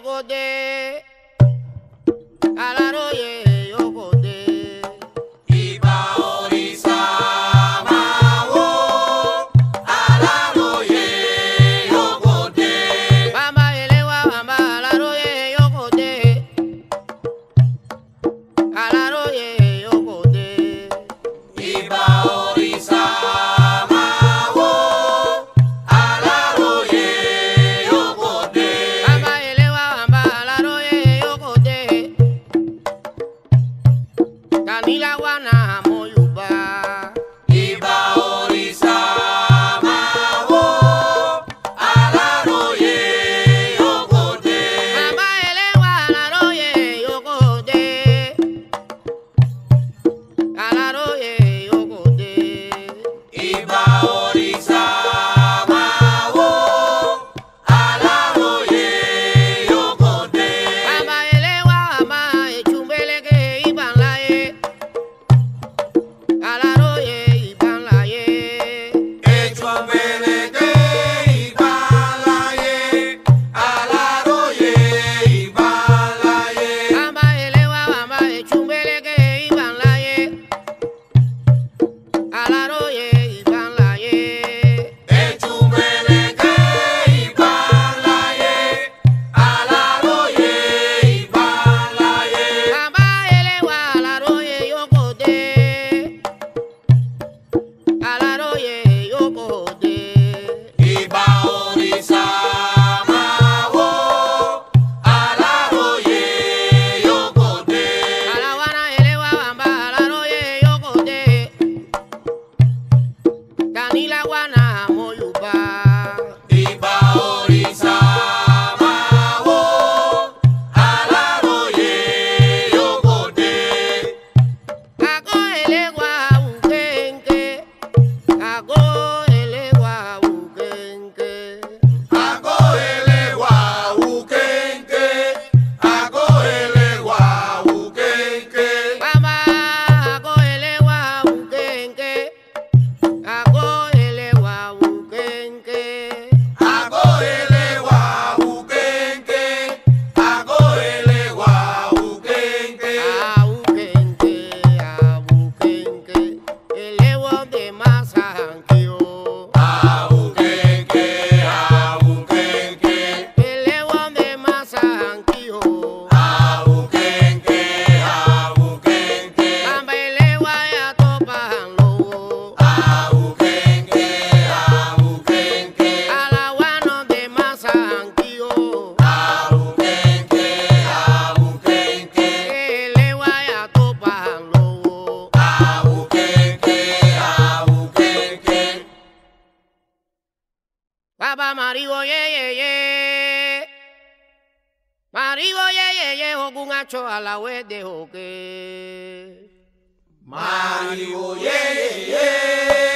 こで Milaguana, guanamo go 没有。Papá marigo ye ye ye. Marigo ye ye ye hacho a la de joque Marigo ye ye ye.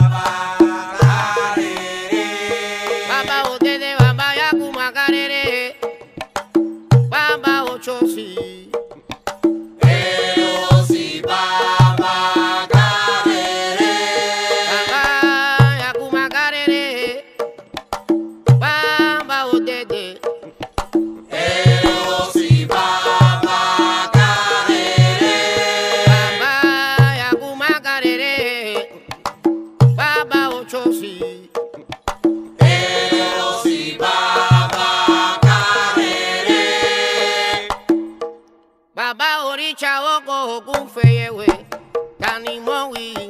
ánimo we.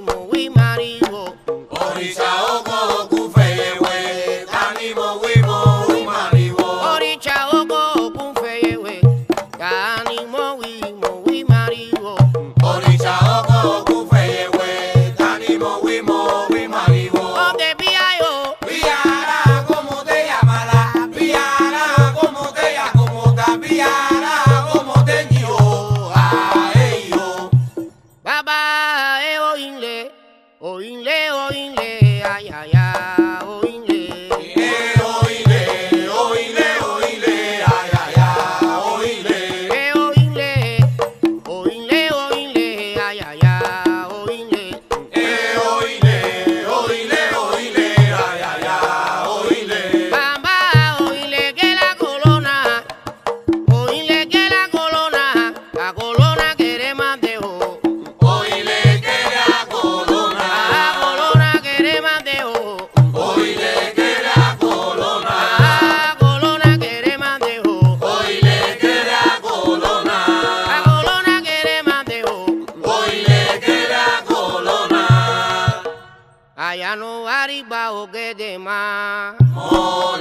Oíle, oíle, ay, ay, ay. Mon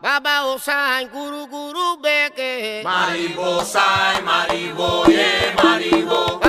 Baba Osai, Guru Guru Beke. Maribo Sai, Maribo, Ye Maribo.